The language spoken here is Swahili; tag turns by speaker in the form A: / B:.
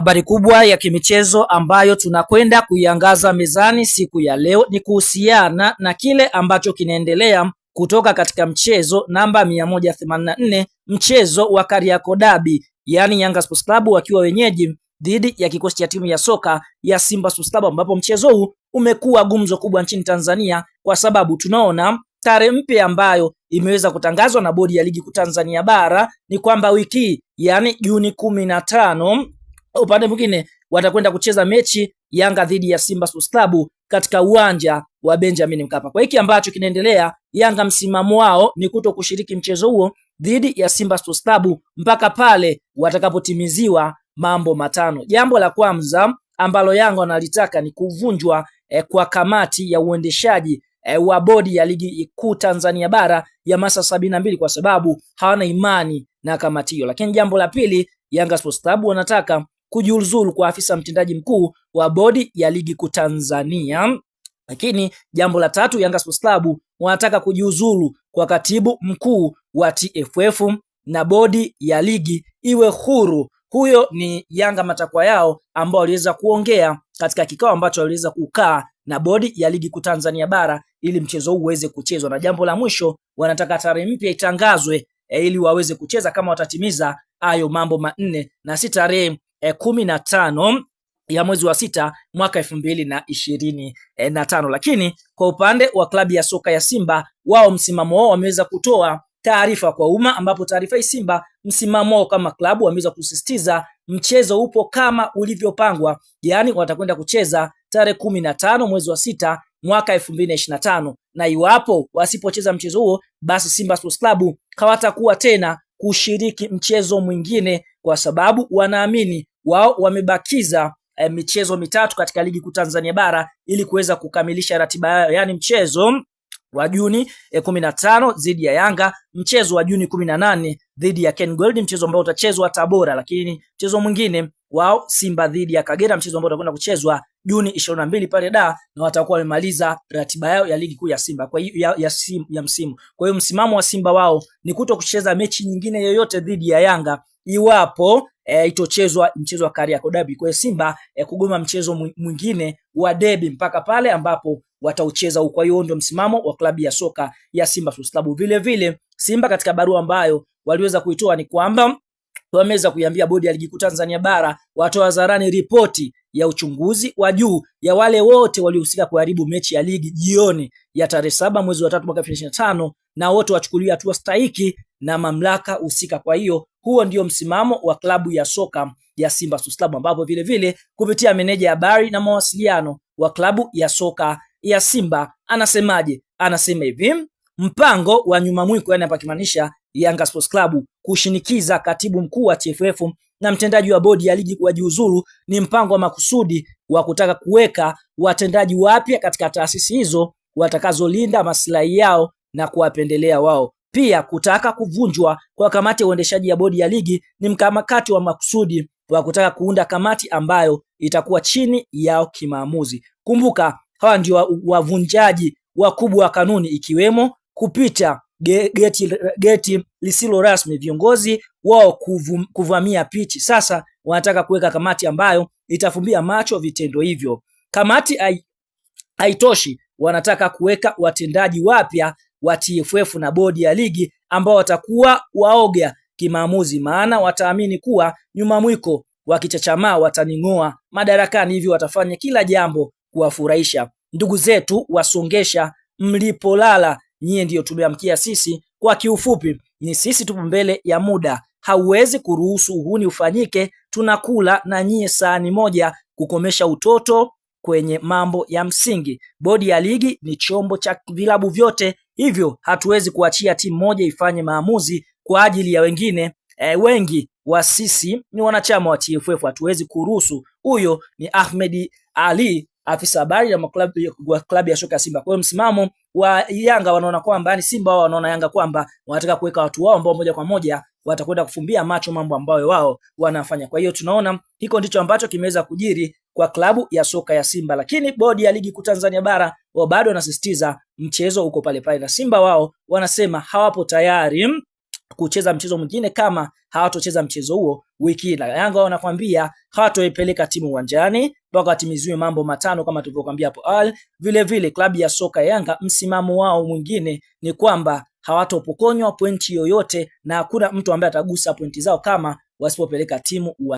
A: Habari kubwa ya kimichezo ambayo tunakwenda kuiangaza mezani siku ya leo ni kuhusiana na kile ambacho kinaendelea kutoka katika mchezo namba 184 mchezo wa Kariakoo Derby, yaani Yanga Sports Club wakiwa wenyeji dhidi ya kikosi cha timu ya soka ya Simba Sports Club, ambapo mchezo huu umekuwa gumzo kubwa nchini Tanzania kwa sababu tunaona tarehe mpya ambayo imeweza kutangazwa na bodi ya ligi kuu Tanzania bara ni kwamba wiki, yaani Juni kumi na tano Upande mwingine watakwenda kucheza mechi Yanga dhidi ya Simba Sports Club katika uwanja wa Benjamin Mkapa. Kwa hiki ambacho kinaendelea, Yanga msimamo wao ni kuto kushiriki mchezo huo dhidi ya Simba Sports Club mpaka pale watakapotimiziwa mambo matano. Jambo la kwanza ambalo Yanga wanalitaka ni kuvunjwa eh, kwa kamati ya uendeshaji eh, wa bodi ya ligi kuu Tanzania bara ya masa sabini na mbili kwa sababu hawana imani na kamati hiyo. Lakini jambo la pili Yanga Sports Club wanataka kujiuzulu kwa afisa mtendaji mkuu wa bodi ya ligi kuu Tanzania. Lakini jambo la tatu, Yanga Sports Club wanataka kujiuzulu kwa katibu mkuu wa TFF na bodi ya ligi iwe huru. Huyo ni Yanga matakwa yao ambao waliweza kuongea katika kikao ambacho waliweza kukaa na bodi ya ligi kuu Tanzania bara ili mchezo huu uweze kuchezwa. Na jambo la mwisho, wanataka tarehe mpya itangazwe eh, ili waweze kucheza kama watatimiza hayo mambo manne, na si tarehe Eh, kumi na tano ya mwezi wa sita mwaka elfu mbili na ishirini eh, na tano. Lakini kwa upande wa klabu ya soka ya Simba, wao msimamo wao wameweza kutoa taarifa kwa umma, ambapo taarifa hii Simba msimamo wao kama klabu wameweza kusisitiza mchezo upo kama ulivyopangwa, yaani watakwenda kucheza tarehe kumi na tano mwezi wa sita mwaka 2025 na iwapo wasipocheza mchezo huo, basi Simba Sports Club hawatakuwa tena kushiriki mchezo mwingine, kwa sababu wanaamini wao wamebakiza e, michezo mitatu katika ligi kuu Tanzania bara ili kuweza kukamilisha ratiba yao, yaani mchezo wa Juni eh, kumi 15 dhidi ya Yanga, mchezo wa Juni 18 dhidi ya Ken Gold, mchezo ambao utachezwa Tabora, lakini mchezo mwingine wao Simba dhidi ya Kagera, mchezo ambao utakwenda kuchezwa Juni 22 pale da, na watakuwa wamemaliza ratiba yao ya ligi kuu ya Simba kwa hiyo ya, ya, sim, ya msimu. Kwa hiyo msimamo wa Simba wao ni kuto kucheza mechi nyingine yoyote dhidi ya Yanga iwapo e, itochezwa mchezo wa Kariakoo Derby. Kwa Simba e, kugoma mchezo mwingine wa derby mpaka pale ambapo wataucheza huko. hiyo ndio msimamo wa klabu ya soka ya Simba Sports Club. Vile vile Simba katika barua ambayo waliweza kuitoa ni kwamba wameweza kuiambia bodi ya ligi kuu Tanzania bara watoa hadharani ripoti ya uchunguzi wa juu ya wale wote waliohusika kuharibu mechi ya ligi jioni ya tarehe saba mwezi wa tatu mwaka 2025 na wote wachukuliwe hatua stahiki na mamlaka husika. Kwa hiyo huo ndio msimamo wa klabu ya soka ya Simba Sports Club, ambapo vile vile kupitia meneja ya habari na mawasiliano wa klabu ya soka ya Simba anasemaje? Anasema hivi, mpango wa nyuma mwiko, yani hapa kimaanisha Yanga Sports Club kushinikiza katibu mkuu wa TFF na mtendaji wa bodi ya ligi wajiuzuru ni mpango wa makusudi wa kutaka kuweka watendaji wapya katika taasisi hizo watakazolinda maslahi yao na kuwapendelea wao. Pia kutaka kuvunjwa kwa kamati ya uendeshaji ya bodi ya ligi ni mkakati wa makusudi wa kutaka kuunda kamati ambayo itakuwa chini yao kimaamuzi. Kumbuka hawa ndio wavunjaji wakubwa wa kanuni, ikiwemo kupita geti, geti lisilo rasmi, viongozi wao kuvum, kuvamia pichi. Sasa wanataka kuweka kamati ambayo itafumbia macho vitendo hivyo. Kamati haitoshi, wanataka kuweka watendaji wapya wa TFF na bodi ya ligi ambao watakuwa waoga kimaamuzi, maana wataamini kuwa nyuma mwiko wakichachamaa wataning'oa madarakani, hivyo watafanya kila jambo kuwafurahisha. Ndugu zetu wasongesha mlipolala, nyie ndiyo tumeamkia sisi. Kwa kiufupi, ni sisi tupo mbele ya muda, hauwezi kuruhusu uhuni ufanyike. Tunakula na nyie sahani moja, kukomesha utoto kwenye mambo ya msingi. Bodi ya ligi ni chombo cha vilabu vyote Hivyo hatuwezi kuachia timu moja ifanye maamuzi kwa ajili ya wengine e, wengi wa sisi ni wanachama wa TFF, hatuwezi kuruhusu. Huyo ni Ahmed Ali afisa habari ya klabu ya soka ya Simba. Kwa hiyo msimamo wa Yanga wanaona kwamba ni Simba wao wanaona Yanga kwamba wanataka kuweka watu wao ambao moja kwa moja watakwenda kufumbia macho mambo ambayo wao wanafanya. Kwa hiyo tunaona hiko ndicho ambacho kimeweza kujiri kwa klabu ya soka ya Simba, lakini bodi ya ligi kuu Tanzania bara wao bado wanasisitiza mchezo uko pale pale, na Simba wao wanasema hawapo tayari kucheza mchezo mwingine kama hawatocheza mchezo huo wiki hii. Na Yanga wanakwambia hawatoipeleka timu uwanjani mpaka watimiziwe mambo matano kama tulivyokuambia hapo awali. Vile vile klabu ya soka Yanga, msimamo wao mwingine ni kwamba hawatopokonywa pointi yoyote na hakuna mtu ambaye atagusa pointi zao kama wasipopeleka timu uwanjani.